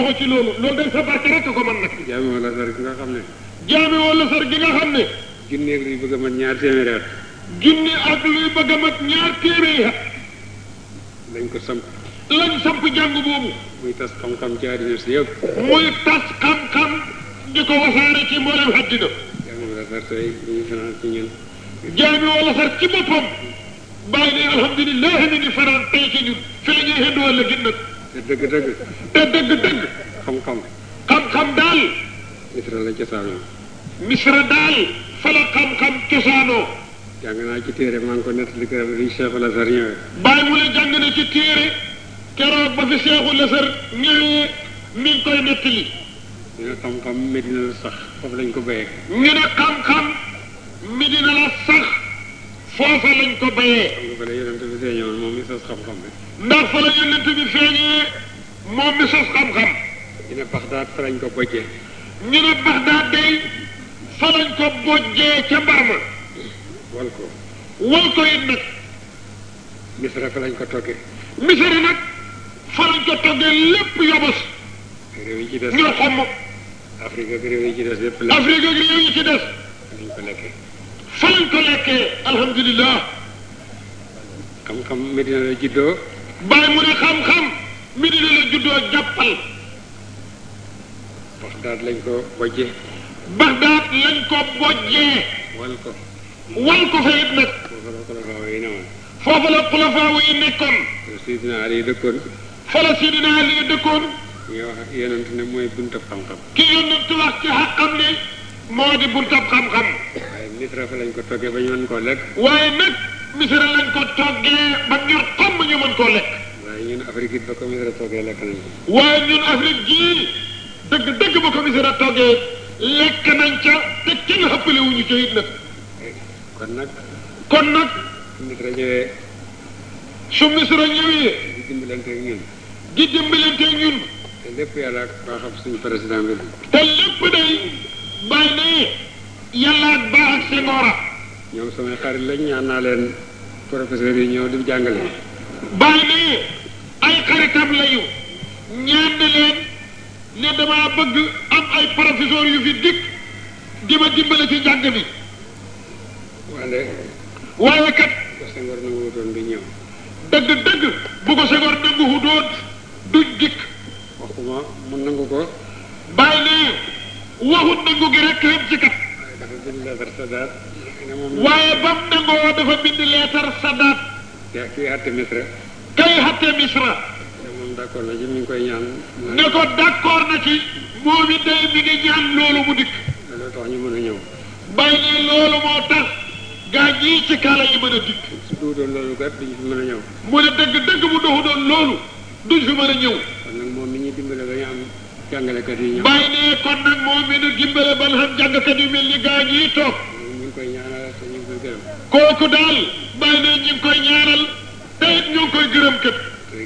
loxo ci loolu loolu dañ sa barke rek ko mën nag. sar gi nga xam ne. jaame wala sar gi nga ne. junne ak luy bëgg a mat ñaar téeméeri at. junne ak luy bëgg a mat lañ ko samp. lañ samp jàng boobu. muy tas xam-xam ci si yëpp. muy tas xam-xam di ko wasaare ci mboolem àddina. jaame wala sar ci ñun. jaame wala sar ci boppam. bàyyi ne ñu ngi fanaan tey ci te dëgg dëgg te dëgg dëgg xam-xam xam-xam daal misra la cosaanoo misra daal fa la xam-xam cosaanoo jàng naa ci téere maa ngi ko nettali keroog ne jàng na ci téere keroog ba fi Cheikh Lasar ñëwee mi ngi koy nettali ñu ne xam-xam Medina la sax foofu lañ ko béyee ñu ne xam-xam Medina la sax foofa lañ ko bayee. ndax fa la yonent lañ ko bojjee. ñu ne ko bojjee ca Barma. wal ko. wal ko it nag. toggee. Misra nag fa ko toggee lépp yobos. réew yi ci des. ngir xomm. Afrique ak fañ ko lekkee alhamdulilah xam-xam medina la juddoo bàyyi mu ne xam-xam medina la juddoo jàppal baxdaat lañ ko bojjee baxdaat lañ ko bojjee wal ko wal ko fa it nag foofa la xulafaawu yi nekkoon sidina ali dëkkoon fa la sidina ali dëkkoon ñi wax yonent ne mooy buntab xam-xam ki yonent wax ci xaqam ne moo di buntab xam-xam misra fa lañ ko toggee ba ñu mën koo lekk. waaye nag misra lañ ko toggee ba ñor xam ñu mën koo lekk. waaye ñun Afrique ba ko misra toggee lekk nañ ko. waaye ñun dëgg dëgg ba ko misra toggee lekk nañ ca te kenn xëppale wu ñu ca nag. kon nag. kon nag. su misra ñëwee. su misra ñëwee. di dimbalante ak ñun. di dimbalante ak ñun. te lépp yàlla baaxam suñu président bi. te lépp day bàyyi na yàlla ak baax ak sengoora ñoom samay xarit lañ ñaan naa leen professeur yi ñëw di jàngale bàyyi nañu ay xaritam lañu ñaan na leen ne damaa bëgg am ay professeur yu fi dikk di ma dimbale ci njàng mi waxuma mu nangu ko bàyyi nañu waxut nangu gi rek leen ci kat waaye ba mu nangoo dafa bind leetar Sadat. kii xatte Misra. kay xatte Misra. moom ne ko d'accord na ci. moom it day mi ngi ñaan loolu mu dikk. loolu ñu mën a ñëw. bay ne loolu moo tax. gaa ñii ci kaala yi mën a dikk. a ñëw. mu ne dëgg dëgg bu doxu doon loolu duñ fi mën a ñëw. kon nag moom mi ñuy dimbale ba ñu am. jàngalekat yi ñoom. yu mel ni gaa ñi ñu ngi koy ñaanal te ñu ngi koy kooku daal bàyyi ne koy ñaanal te it ñu ngi koy gërëm kat. te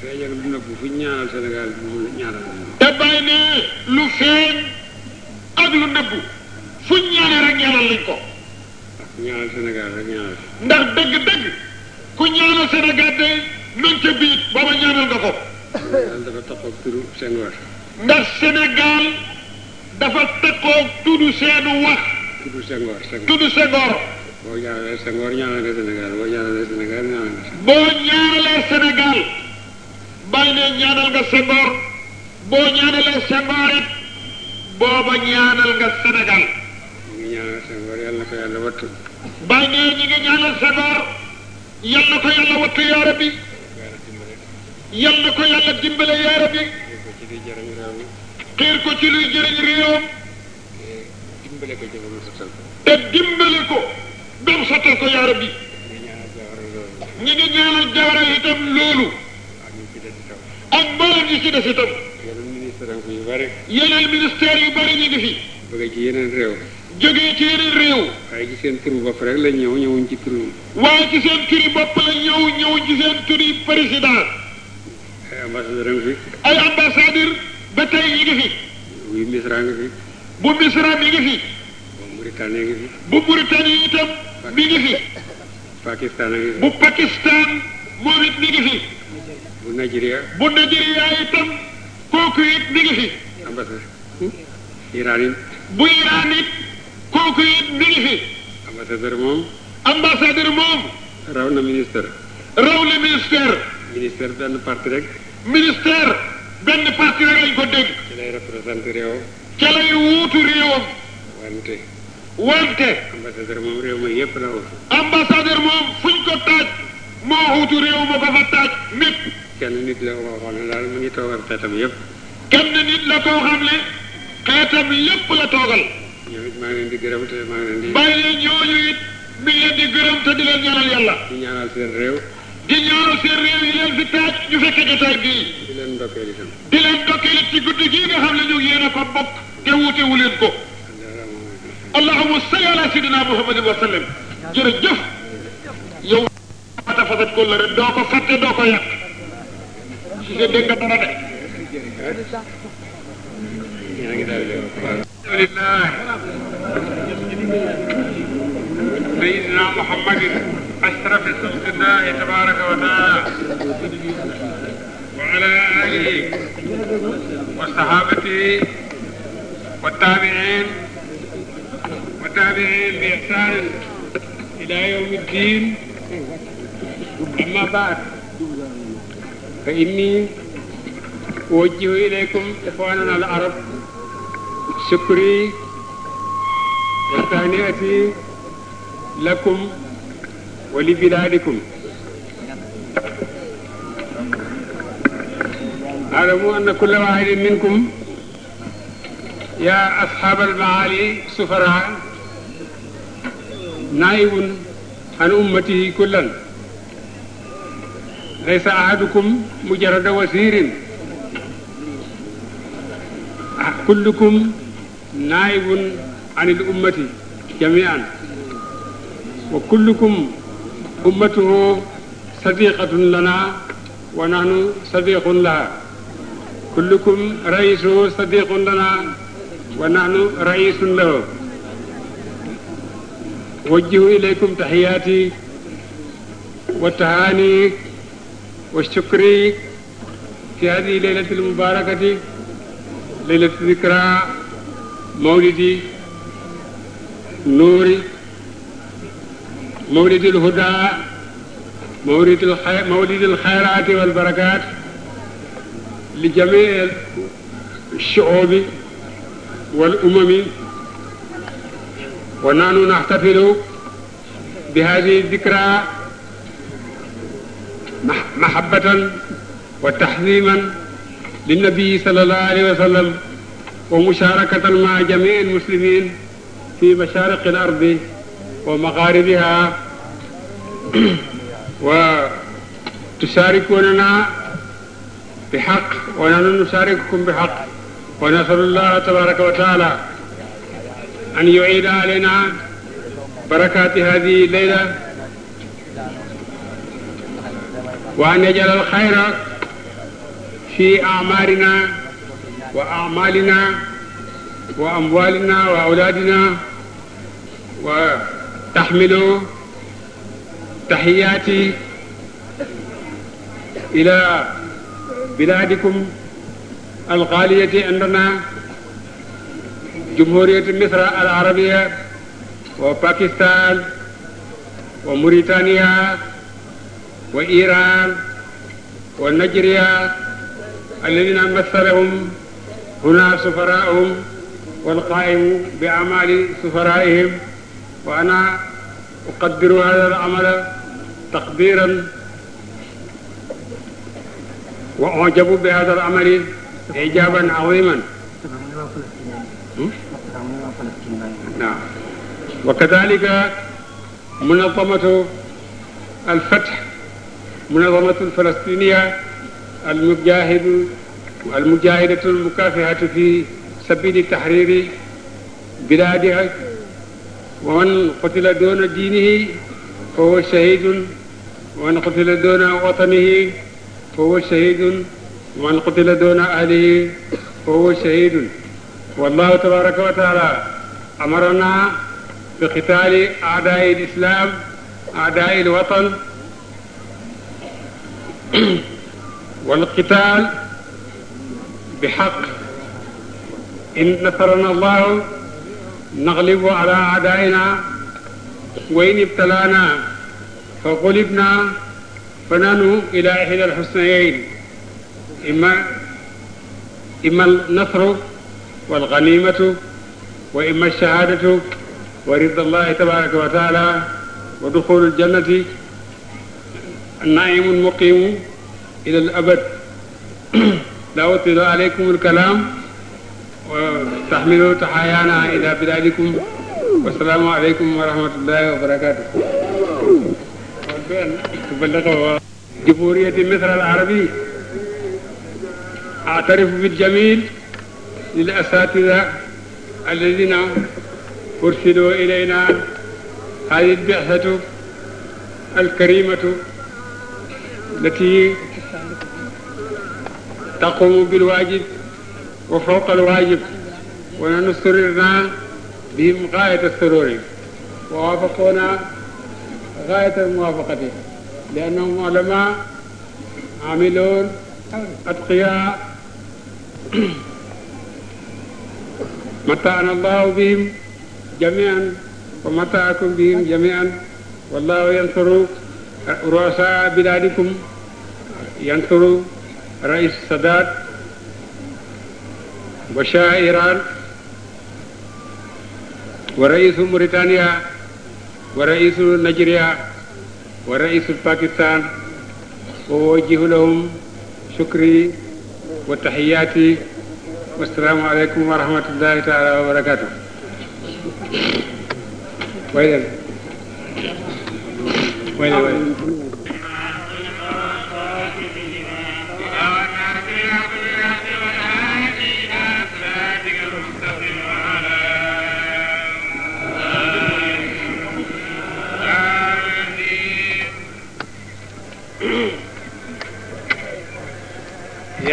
feeñ lu feeñ ak lu nëbbu fu ñaanal rek ñaanal lañ ko. ndax dëgg-dëgg ku ñaanal Sénégal de nañ ca biir booba ñaanal nga ndax Sénégal dafa tëkkoog tudd seenu wax. tudd Senghor tudd Senghor. boo ñaanalee Sénégal boo ñaanalee Sénégal boo ñaanalee Sénégal bàyyi ne ñaanal nga Senghor boo ñaanalee Senghor it booba ñaanal nga Sénégal. na ko yàlla wattu. bàyyi ne ñi ngi ñaanal Senghor yàlla na ko yàlla wattu yaara bi yàlla na ko yàlla dimbale yaara bi. ci luy jëriñ ko ci luy jëriñ réewam. te dimbale ko jëmam satal ko. te dimbale ko gëm satal ko yaara bi. ñu ngi ñaanal jaara itam loolu. ak mboolem yi ci def itam. yeneen ministère yu bëri. yeneen ministère yu bëri ngi fi. bëgg ci yeneen réew. jógee ci yeneen réew. waaye ci seen turu bopp rek la ñëw ñëwuñ ci turu. waaye ci seen turi ay ambassadeur ngi fi. ngi fi. bu Misra ngi fi. bu Misra mi ngi fi. bu Mauritanie ngi fi. bu ngi fi. bu Pakistan moom it mi ngi fi. bu Nigeria. bu Nigeria itam kooku it mi ngi fi. ambassadeur. it. kooku it mi ngi fi. ambassadeur moom. ambassadeur moom. raw na ministère. raw na ministère. ministère benn parti rek. ministère benn parti rek lañ ko dégg. ci lay représenté réewam. ca lay wuutu réewam. wante. wante. ambassadeur moom réew ma yëpp la wuutu. ambassadeur moom fuñ ko taaj. moo wuutu réew ma ko fa taaj nit la ko waxoon ngi yëpp. kenn nit la koo xam ne xeetam yëpp la toogal. ñoom leen di it mi leen di gërëm di leen ñaanal yàlla. di ñaanal seen réew. di ñaanal seen réew yi leen fi taaj ñu fekkee jotaay bii. di leen ndokkeel itam. di leen ndokkeel ci guddi gii nga xam ne ñu yéen a ko bokk te wuute wu leen ko. allahumma salli ala sayyidina muhammadin wa sallam jërëjëf. yow ata fasat ko la rek doo ko fàtte doo ko yàq. si sa dégg nga dara de. alhamdulillah. sayyidina muhammadin أشرف خلق الله تبارك وتعالى وعلى آله وصحابته والتابعين والتابعين بإحسان إلى يوم الدين أما بعد فإني أوجه إليكم إخواننا العرب شكري وتهنئتي لكم wa li bilaadikum alamu anna kulla waahidin minkum yaa asxaabal maali sufaraa naayibun an ummatihi kullan laysa ahadukum mujarrada wasiirin kullukum naayibun anil ummati jamian wa kullukum ummatuhu sadiqatun lana wa nahnu sadiqun laha kullukum raisuhu sadiqun lana wa nahnu raisun lahu wajjihu ilaykum taxiyaati wa tahaani wa shukri fi hadihi leylati almubarakati leylati dikra mawlidi nuuri mawlidil hudaa mawlidil xay mawlidil xayraati wal barakaat li jamii shuubi wal umami wa naanu naxtafilu bi hadihi dikra mahabbatan wa tahziman linnabii sallallahu alayhi wa sallam wa musharakatan ma jamii almuslimin fi mashaariqi al ardi ومغاربها وتشاركوننا بحق ونحن نشارككم بحق ونسأل الله تبارك وتعالى أن يعيد علينا بركات هذه الليلة وأن يجعل الخير في أعمارنا وأعمالنا وأموالنا وأولادنا و taxmiloo taxiyaati ila bilaadikum alxaaliyati indana jumhuriyati misra al arabiya wa pakistan wa mauritania wa iran wa najeriya alladina masalahum huna sufaraahum walqaimu bi amali sufaraihim wa ana uqaddiru hada al amala taqdiran wa ujabu bi hada al amali ijaban aziman نعم وكذلك منظمة الفتح منظمة الفلسطينية المجاهد المجاهدة المكافحة في سبيل تحرير بلادها ومن قتل دون دينه فهو شهيد ومن قتل دون وطنه فهو شهيد ومن قتل دون أهله فهو شهيد والله تبارك وتعالى أمرنا بقتال أعداء الإسلام أعداء الوطن والقتال بحق إن نصرنا الله naxlibu ala adaina wa in ibtalana fa xulibna fa nanu ila ihda alxusnayayn imma imma alnasru walganimatu wa imma alshahadatu wa rida allahi tabaraka wa taala wa duxulu aljannati naimu muqimu ila alabad la utila alaykum alkalam taxmilu taxaayaana ila bilaadikum wasalaamu aleykum wa rahmatullahi wa barakaatu تبلغ جمهورية مصر العربية أعترف بالجميل للأساتذة الذين أرسلوا إلينا هذه البعثة الكريمة التي تقوم بالواجب wa fawqa alwaajib wa nahnu surirna bihim gaayata sururi wa waafaqoona gaayata almuwaafaqati li annahum ulama amiloon atqiya mataana allahu bihim jamian wa mataakum bihim jamian wallahu yansuru ruasa biladikum yansuru rais sadat wa shaairan wa raisu Mauritania wa raisu Nigeria wa raisu Pakistan wa wajihu lahum shukri wa tahiyaati wa salaamu aleykum wa rahmatullahi taala wa barakatuh way leen way leen way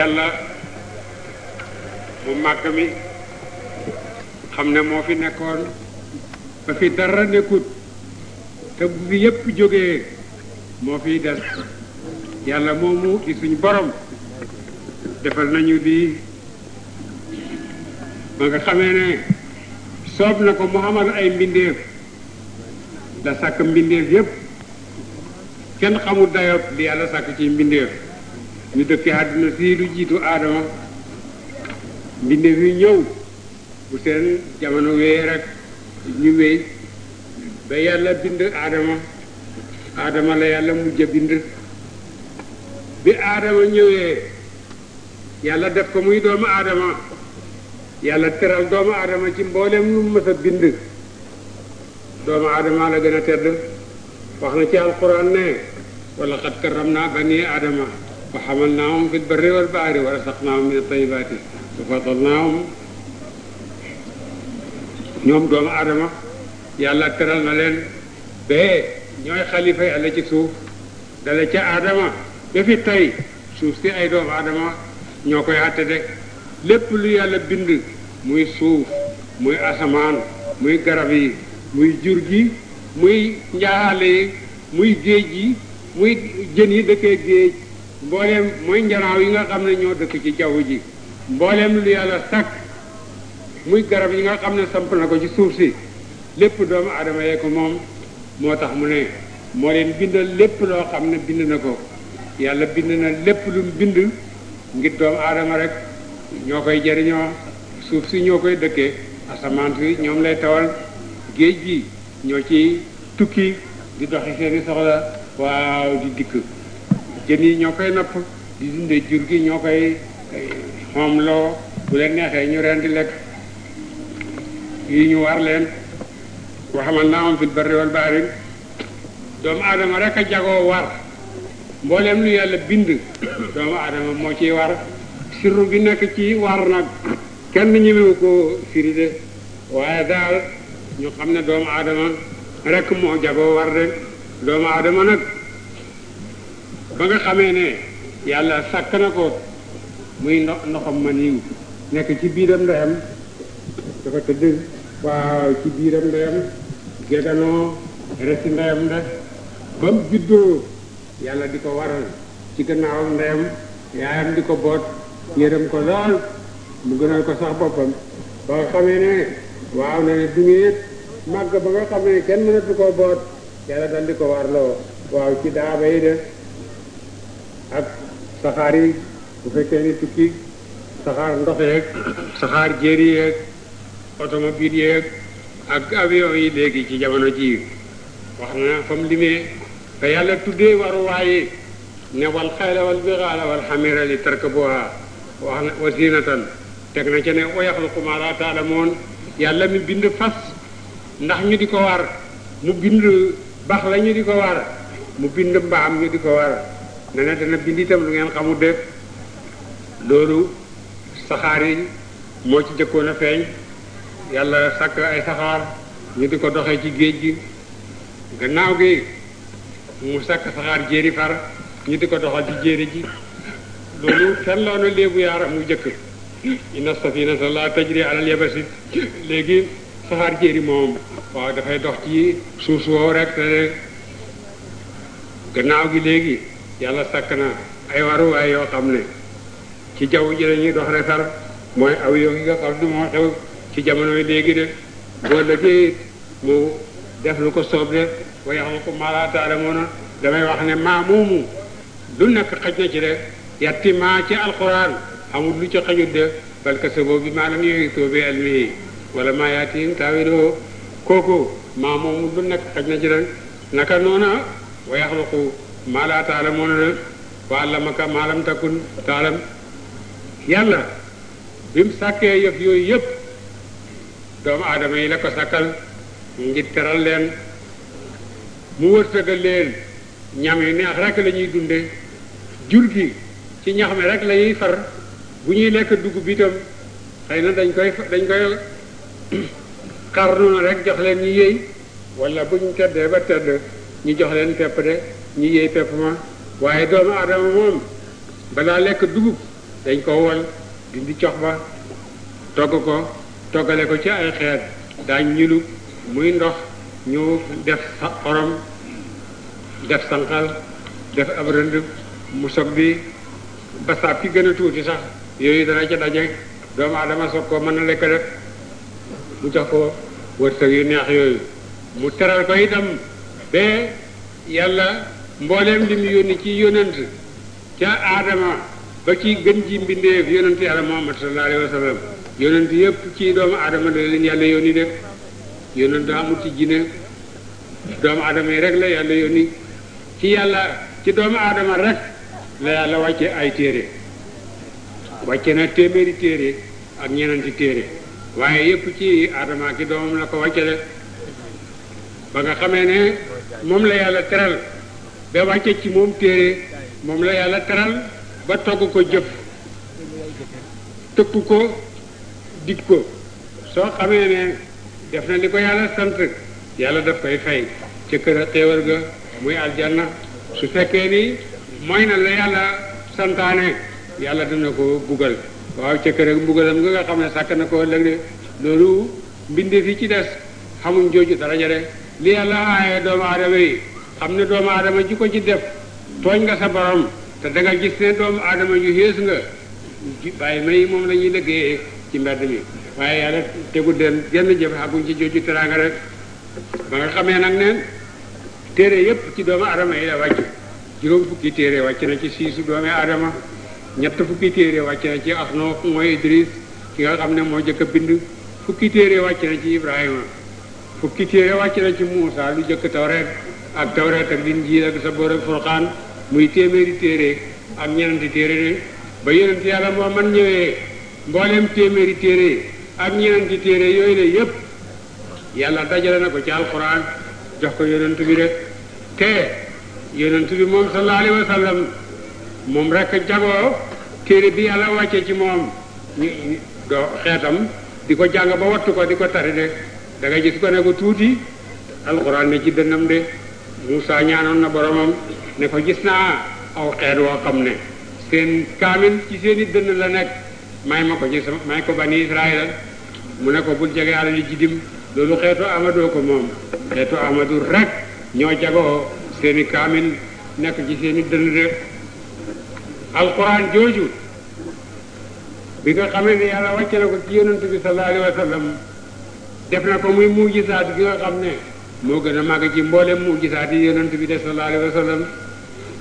yàlla mu màgg mi xam ne moo fi nekkoon ba fi dara nekkut te bu yépp jógee moo fiy des yàlla moomu di suñ borom defal nañu bi ba nga xamee ne soob na ko mu amal ay mbindeef la sàkk mbindeef yépp kenn xamul dayoo di yàlla sàkk ci mbindeef ñu dëkki àdduna fii du jiitu aadama mbindeef yi ñëw bu seen jamono wee rek ñu wéy ba yàlla bind aadama aadama la yàlla mujj a bind bi aadama ñëwee yàlla def ko muy doomu aadama yàlla teral doomu aadama ci mboolem lu mës bind doomu aadama la gën a tedd wax na ci alquran ne wala xat karam naa bani aadama wa hamalnaahum fil barri wal bahri wa razaqnaahum min at-tayyibaati yàlla teral na leen ba ñooy ci suuf dale ca aadama ba suuf si ay doomu aadama ñoo koy àtte de lépp lu yàlla bind muy suuf muy asamaan muy garab yi muy jur gi muy njaaxaale yi muy géej yi muy jën yi dëkkee géej mbooleem mooy njanaaw yi nga xam ne ñoo dëkk ci jaww ji mboolem lu yàlla sàkk muy garab yi nga xam ne samp na ko ci suuf si lépp doomu aadama yee ko moom moo tax mu ne moo leen bindal lépp loo xam ne bind na ko yàlla bind na lépp lu mu bind ngir doomu aadama rek ñoo koy jariñoo suuf si ñoo koy dëkkee asamaan si ñoom lay tawal géej gi ñoo ci tukki di doxi seeni soxla waaw di dikk jën yi ñoo koy napp di dundee jur gi ñoo koy xomloo bu leen neexee ñu rendi lekk yi ñu war leen waxamal naa am fil barri yàlla bind moo ciy war sirru bi ci war nag waaye daal ñu xam ne doomu aadama rek moo jagoo war de doomu aadama nag ba nga xamee ne yàlla sàkk na ko muy ndox ndoxam ma niw nekk ci biiram ndeyam dafa tëdd waaw ci biiram ndeyam geganoo resi ndeyam nde ba mu juddoo yàlla di ko waral ci gannaawam ndeyam yaayam di ko boot yërëm ko lool mu gënal ko sax boppam ba nga xamee ne waaw na ne duñu màgg ba nga xamee kenn mënatu koo boot yàlla dal di ko warloo waaw ci daaba yi de ak saxaar yi bu fekkee ni tukki saxaar ndox saxaar jéeri yeeg automobile yeeg ak avion yi léegi ci jamono ji wax na fam limee te yàlla tuddee waruwaay yi ne wal xayla wal li tarkabuha wax na teg na ca ne wa yaxluqu maa yàlla mi bind fas ndax ñu di ko war mu bind bax la di ko war mu bind mbaam ñu di ko war ne na dana bind itam lu ngeen xamul de loolu saxaar yi moo ci jëkkoon a feeñ yàlla sàkk ay saxaar ñu di ko doxee ci géej gi gannaaw gi mu sàkk saxaar jéeri far ñu di ko doxal ci jéeri ji loolu kenn loo na léebu yaara mu jëkk inna safinata la tajri alal yabasi léegi saxaar jéeri moom waaw dafay dox ci suuf soo rek te gannaaw gi léegi yàlla sakk na ay waruwaay yoo xam ne ci jaww ji la ñuy dox refar mooy avion yi nga xam ne moo xew ci jamono yi léegi de boo lëggee mu def lu ko soob de wa yaxluqu maa laa ta'lamuuna damay wax ne maa moomu lu nekk xaj na ci de yatti maa ci alquran amul lu ci xajut de bal kasaboo bi maa lam yuhiitoo bi ilmihi wala maa yaatihim taawiiloo kooku maa moomu lu nekk xaj na ci de naka noona wa yaxluqu maa laa taalamoon na wa allamaka maa lam takun taalam yàlla bi mu sàkkee yëf yooyu yëpp doomu aadama yi la ko sàkkal ngir teral leen mu wërsëgal leen ñam yu neex rek lañuy ñuy dunde jur gi ci ñax mi rek lañuy far bu ñuy lekk dugub bi itam xëy na dañ koy dañ koy xar noonu rek jox leen ñu yëy wala bu ñu keddee ba tedd ñu jox leen pepp de ñu yey pepp ma waaye doomu aadama moom balaa lekk dugub dañ koo wol dindi cox ba togg ko toggale ko ci ay xeet daañ ñulub muy ndox ñu def xorom def sanqal def ab rënd mu soog bi basaab ki gën tuuti sax yooyu dana ca daje doomu aadama soog koo mën a lekk rek mu jox ko wërsëg yu neex yooyu mu teral ko itam ba yàlla mbooleem li mu yónni ci yonent ca aadama ba ci gën ji mbindeef yonent yàlla muhammad sallallahu alayhi wa sallam yonent yëpp ci doomu aadama la leen yàlla yónni de ci jinne doomu aadama yi rek la yàlla yónni ci yàlla ci doomu aadama rek la yàlla wàcce ay téere wàcce na téeméeri téere ak ñenenti téere waaye yëpp ci aadama ki doomam la ko wàccale ba nga xamee ne moom la yàlla teral ba wàcce ci moom téere moom la yàlla teral ba togg ko jëf tëkku ko dig ko soo xamee ne def na li ko yàlla sant yàlla daf koy fay ca kër a xéewal ga muy aljanna su fekkee ni mooy na la yàlla santaane yàlla na ko bugal waaw ca kër a bugalam nga nga xam ne sàkk na ko lëg de loolu mbindee yi ci des xamuñ jooju dara jare li yàlla aaye doomu aadama yi am na doomu aadama ji ko ci def tooñ nga sa borom te danga gis ne doomu aadama yu xees nga bàyyi may moom la ñuy liggéeyee ci mbedd mi waaye yàlla tegu den genn jëf xaguñ ci jooju teraanga rek ba nga xamee nag ne téere yépp ci doomu aadama yi la wàcc juróom fukki téere wàcc na ci siisu doomu aadama ñett fukki téere wàcc na ci Asnoo mooy Idris ki nga xam ne moo jëkk a bind fukki téere wàcc na ci Ibrahima fukki téere wàcc na ci Muusa lu jëkk Tawreet ak tawreet ak linjiil ak saboor ak furqaan muy téeméeri téere ak ñeenti téere ba yonent yàlla Muhammad ñëwee mbooleem téeméeri téere ak ñeenti téere yooyu la yépp yàlla dajale na ko ci alxuraan jox ko yonent bi rek te yonent bi moom sallallahu alayhi wa moom rek jagoo téere bi yàlla wàcce ci moom ñu xeetam di ko jàng ba wattu ko di ko tari de da nga gis ko ne ko tuuti alxuraan ne ci dënnam de Moussa ñaanoon na boromam ne ko gis naa aw xeet woo xam ne seen kaamil ci seen i dënn la nekk may ma ko ci sama may ko bani Israël mu ne ko bul jege àll yi jidim loolu xeetu Amadou ko moom xeetu Amadou rek ñoo jagoo seen i nekk ci seen i dënn de alquran jooju bi nga xamee ne yàlla wàcce na ko ci yonent bi sallallahu alayhi wa def na ko muy mujjisaat bi nga xam ne moo gën a màgg ci mboolem mu gisaati yonent bi de sallallahu alayhi wa sallam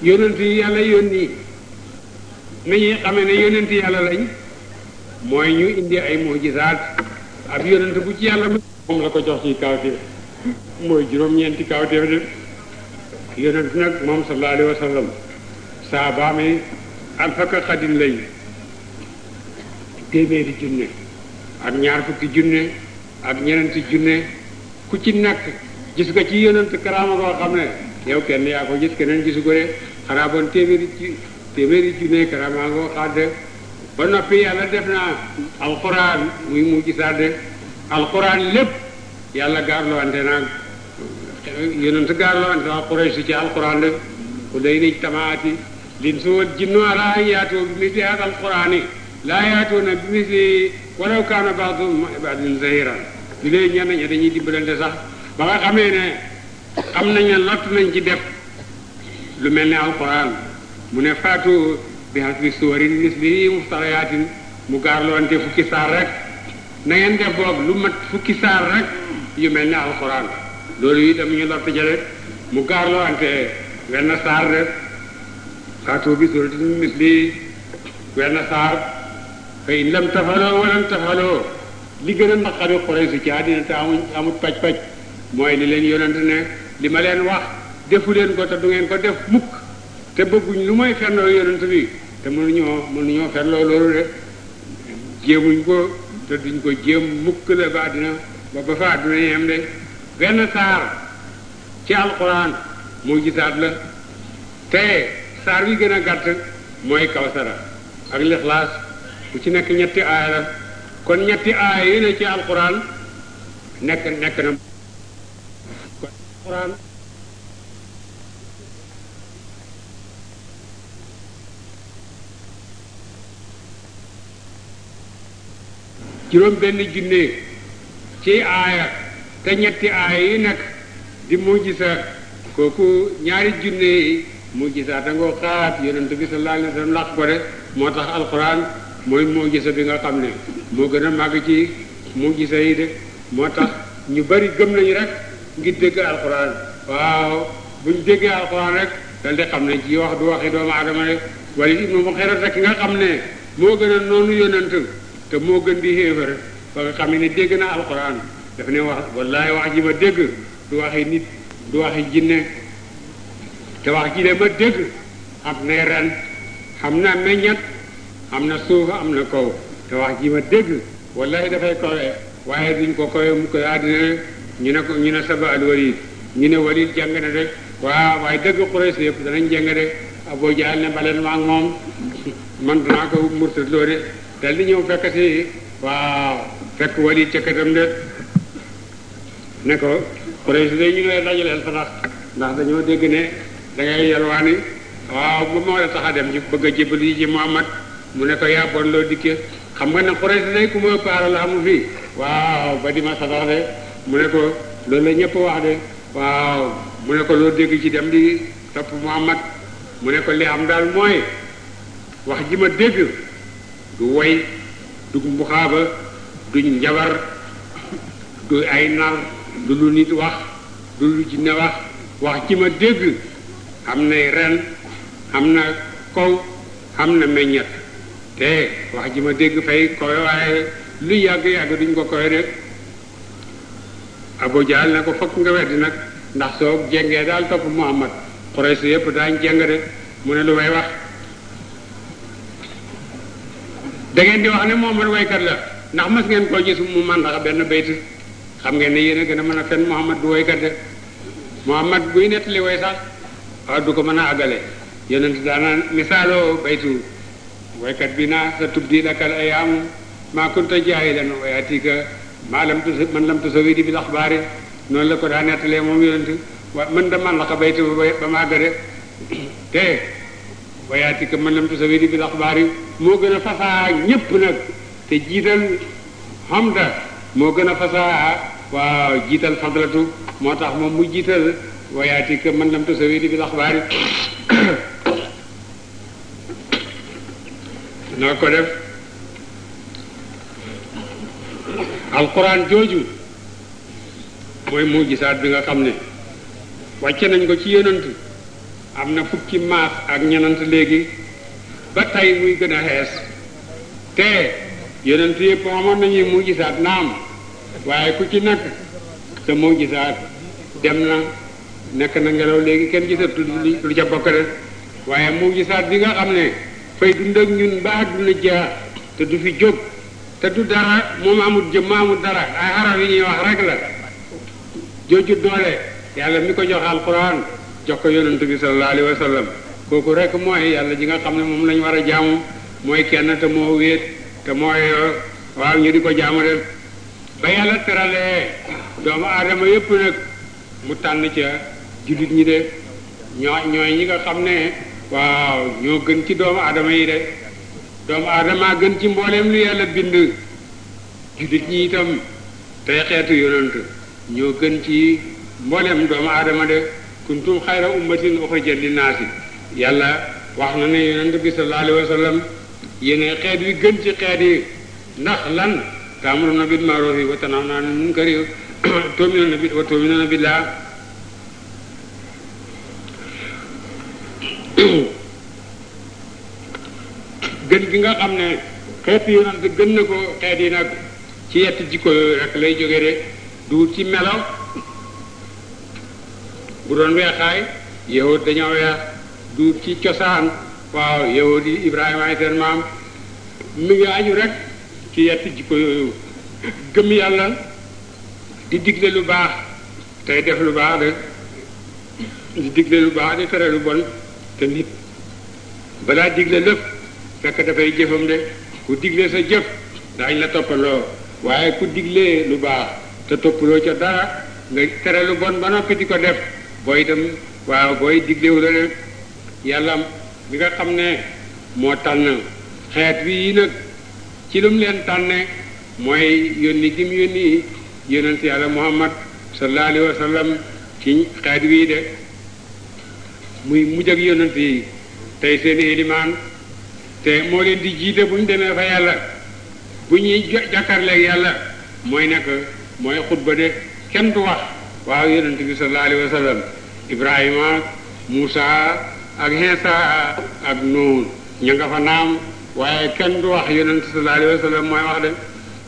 yonent yi yàlla yónni nañuy xamee ne yonent yàlla lañ mooy ñu indi ay mujisaat ab yonent bu ci yàlla moom la ko jox ci kawteef mooy juróom-ñeenti kawteef de yonent nag moom sallallahu alayhi wa sallam saabaami alfaka xadin lañ téeméeri junne ak ñaar fukki junne ak ñeneenti junne ku ci nekk gis ko ci yonent karaama koo xam ne yow kenn yaa ko gis keneen gisu ko de xanaa bon téeméeri ci ne karaama koo xàdde ba noppi yàlla def naa alxuraan muy mu gisaat de alxuraan lépp yàlla gaarloo ante naag yonent gaarloo ante naag Quraysh ci alxuraan de ku day ni tamaati lin suwal jinnu ala yaatoo bi misli hada alxuraan yi laa yaatoo na bi misli walaw kaana ba'duhum li ba'din zahiran di leen ñenn ñi dañuy dimbalante sax ba nga xamee ne am nañ ne lott nañ ci def lu mel ne alquran mu ne faatu bi hasbi suwarin mislihi muftariyatin mu gaarloonte fukki saar rek na lu mat fukki saar yu mel ne alquran loolu itam ñu lott jële mu gaarloonte wenn saar rek faatu bi suratin mislihi wenn saar fa in lam tafaloo walam li gën a naqari xorey ci àddina te amuñ amut paj-paj mooy li leen yonante ne li ma leen wax defu leen ko te du ngeen ko def mukk te bëgguñ lu mooy fenloo yonent bi te mënuñoo mënuñoo fenloo loolu de jéemuñ ko te duñ ko jéem mukk la ba àddina ba ba fa àddina yem de benn saar ci alquran mu gisaat la te saar bi gën a gàtt mooy kawsara ak lixlaas bu ci nekk ñetti aaya la kon ñetti aaya yi ne ci alquran nekk nekk na alxuraan juróom benn junne ci aaya te ñetti aaya yi nag di mujjisa kooku ñaari junne yi mujjisa dangoo xaat yonent bi sallallahu alayhi wa sallam laq ko de moo tax alxuraan mooy mujjisa bi nga xam ne moo gën a màgg ci mujjisa yi de moo tax ñu bari gëm nañu rek ngir dégg alxuraan waaw bu ñu déggee alxuraan rek dal xam ne ci wax du waxi doomu aadama rek wala ibnu Mughira moo gën a dégg na alxuraan daf ne wax wallahi wax ji ma dégg du waxi nit du waxi jinne te wax ji de ma dégg am na ren xam na meññat am na suuf am na kaw te wax ji ma dégg wallahi dafay kawee waaye duñ ko kawee mu koy àddina ñu ne ko ñu ne saba al walid ñu ne walid jàng na de waaw waaye dëgg Quraysh yëpp danañ jàng de Abu Jahl ne baleen ma moom man danaa ko murtat loo de dal di ñëw fekk si waaw fekk walid ca katam de ne ko Quraysh de ñu ne leen fanax ndax dañoo dégg ne dangay yalwaani waaw bu moo la tax a dem ci bëgg a jébal yi ci Muhammad mu ne ko yaa bon loo dikkee xam nga ne Quraysh day ku ma paara la amu fii waaw ba di ma sadax mu ne ko loolu la ñëpp wax de waaw mu ne ko loo dégg ci dem di topp Muhammad mu ne ko li am daal mooy wax ji ma dégg du woy du mbuxaaba du njabar du ay nar du lu nit wax du lu jinne wax wax ji ma dégg am nay ren am na kaw am na meññet te wax ji ma dégg fay kowe waaye lu yàgg-yàgg duñ ko kowe de Abu Jahl ne ko fokk nga weddi nag ndax soo jengee daal topp Muhammad Quraysh yëpp daañ jeng de mu ne lu may wax da ngeen di wax ne Muhammad waykat la ndax mas ngeen koo gis mu màndax benn bayt xam ngeen ne yéen a gën a mën a fen Muhammad du waykat de Muhammad buy nettali way sax waaw ah, du ko mën a àggale yonent daanaan misaaloo baytu waykat bi naa sa tubdi lakal ayaamu maa kunta jaahilan wa yaatika maa mën tusa man lam tusa wi di bi axbaari noonu la ko daa nettalee moom yonent wa man da man la ko baytu ba ma àgg de te wayaati ka man lam tusa wi di bi axbaari moo gën a fasaa ñépp nag te jiital hamda moo gën a fasaa waaw jiital fadlatu moo tax moom mu jiital wayaati ka man lam tusa wi di bi axbaari noo ko def alquran jooju mooy mujisaat bi nga xam ne wàcce nañ ko ci yonant am na fukki maas ak ñenant léegi ba tey muy gën a xees te yonant yëpp amoon nañuy mujisaat naam waaye ku ci nekk sa mujisaat dem na nekk na ngelaw léegi kenn gisatu lu ca bokk de waaye mujisaat bi nga xam ne fay dund ak ñun ba àdduna jeex te du fi jóg te du dara moom amul jëmm amul dara ay xaraf yi ñuy wax rek la jooju doole yàlla mi ko jox alquran jox ko yonent bi sallallahu alayhi kooku rek mooy yàlla ji nga xam ne moom lañ war a jaamu mooy kenn te moo wéet te mooy waaw ñu di ko jaamu de ba yàlla teralee doomu aadama yépp nag mu tànn ca jullit ñi de ñoo ñooy ñi nga xam ne waaw ñoo gën ci doomu aadama yi de doomu aadama gën ci mbooleem lu yàlla bind jullit ñi itam tey xeetu yonent ñoo gën ci mbooleem doomu adama de kuntum xayra ummatin uxrijat linnaasi yàlla wax na ne yonent bi sallallahu alayhi wa sallam xeet wi gën ci xeet yi ndax lan taamuruna bil ma'rufi wa tanhawna anil munkari tu'minuna bi wa tu'minuna billah gën gi nga xam ne xeetu yonent gën na ko xeet yi nag ci yett jikko yooyu rek lay jóge de du ci melo bu doon weexaay yahud dañoo weex du ci cosaan waaw yahud yi Ibrahima ay seen maam mi ngi aju rek ci yett jikko yooyu gëm yàlla di digle lu baax tey def lu baax de di digle lu baax di tere lu bon te nit balaa digle lépp fekk dafay jëfam de ku digle sa jëf daañ la toppaloo waaye ku digle lu baax te toppaloo ca dara nga tere lu bon ba noppi di ko def booy itam waaw booy diglewu la yàlla mi nga xam ne moo tànn xeet wi nag ci lu mu leen tànne mooy yónni gi mu yónni yónent yàlla muhammad sallallahu alayhi wa sallam ci xeet wii de muy mujj ak yónent yi tey seeni ilimaan te moo leen di jiite bu ñu demee fa yàlla bu ñuy jàkkaarleeg yàlla mooy nekk mooy xutba de kenn du wax waaw yonent bi sallallahu alayhi wa sallam ibrahima Moussa ak Insa ak Nuun ña nga fa naam waaye kenn du wax yonent sallallahu alayhi mooy wax de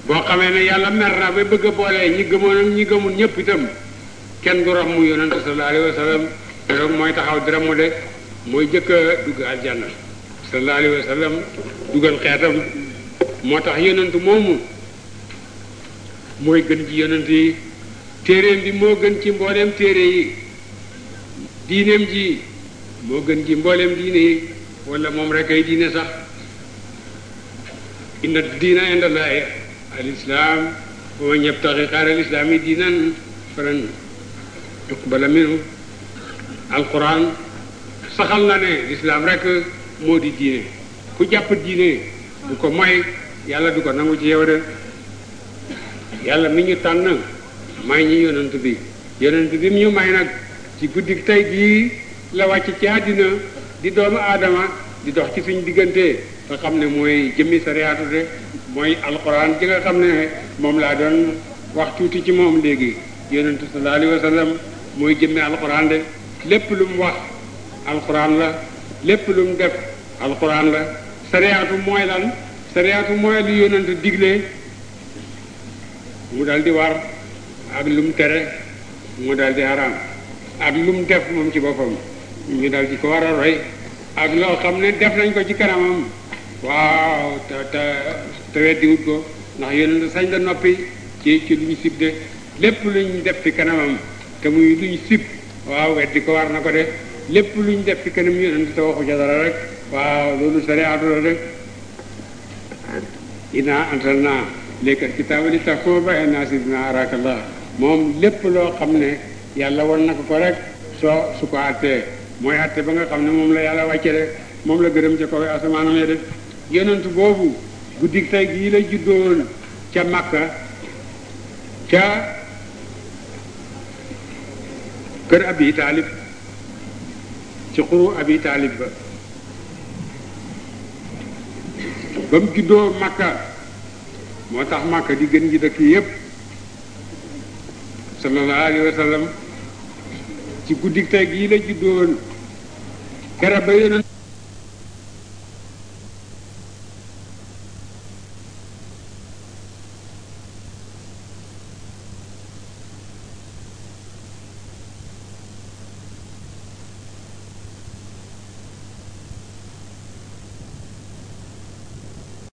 boo xamee ne yàlla mer na ba bëgg a boolee ñi gëmoon ak ñi gëmul ñëpp itam kenn du ramm yonent sallallahu alayhi wa sallam mooy taxaw di ramm de mooy jëkk a dugg aljanna sallallahu alayhi wa moo tax yonent moomu mooy gën ci yonent yi téeréem bi moo gën ci mbooleem téere yi diineem ji moo gën ci mbooleem diine yi walla moom rek ay diine sax inna diina indallahi al islam wa man xaar al yi diinan falan yuqbala minhu alquran saxal na ne l'islam rek moo di diine ku jàpp diine bu ko moy yàlla du ko nangu ci yow de yàlla mi ñu tànn may ñi yonent bi yonent bi mu ñu may nag ci guddi tey gii la wàcc ci àddina di doomu aadama di dox ci suñ diggante nga xam ne mooy jëmmi sariyaatu de mooy alxuraan ji nga xam ne moom laa doon wax tuuti ci moom léegi yonent sallallahu alayhi wa sallam mooy jëmmi alxuraan de lépp lu mu wax alxuraan la lépp lu mu def alxuraan la sariyaatu mooy lan sariyaatu mooy lu yonent digle mu dal war ak lu mu tere mu dal di ak lu mu def moom ci boppam mu dal di ko war a roy ak loo xam ne def nañ ko ci kanamam waaw te te te weddiwut ko ndax yonent sañ la noppi ci ci luñ sib de lépp ñu def ci kanamam te muy luñ sib waaw di ko war na ko de lépp lu ñu def ci kanam yonent te waxu ca dara rek waaw loolu sariyaatu la rek inaa antal naa lékkal kitaaba li tax koo naa si dinaa arakallah moom lépp loo xam ne yàlla war na ko ko rek ba nga xam ne moom la yàlla de moom la gërëm ca kaw asamaanam ya def boobu guddik tey gii la juddoon ca Makka ca kër Abi Taalib ci xuru abi taalib ba ba mu juddoo makka moo tax makka di gën gi dëkk yépp sallallahu alayhi ci guddik tey gii la juddoon kera ba yonent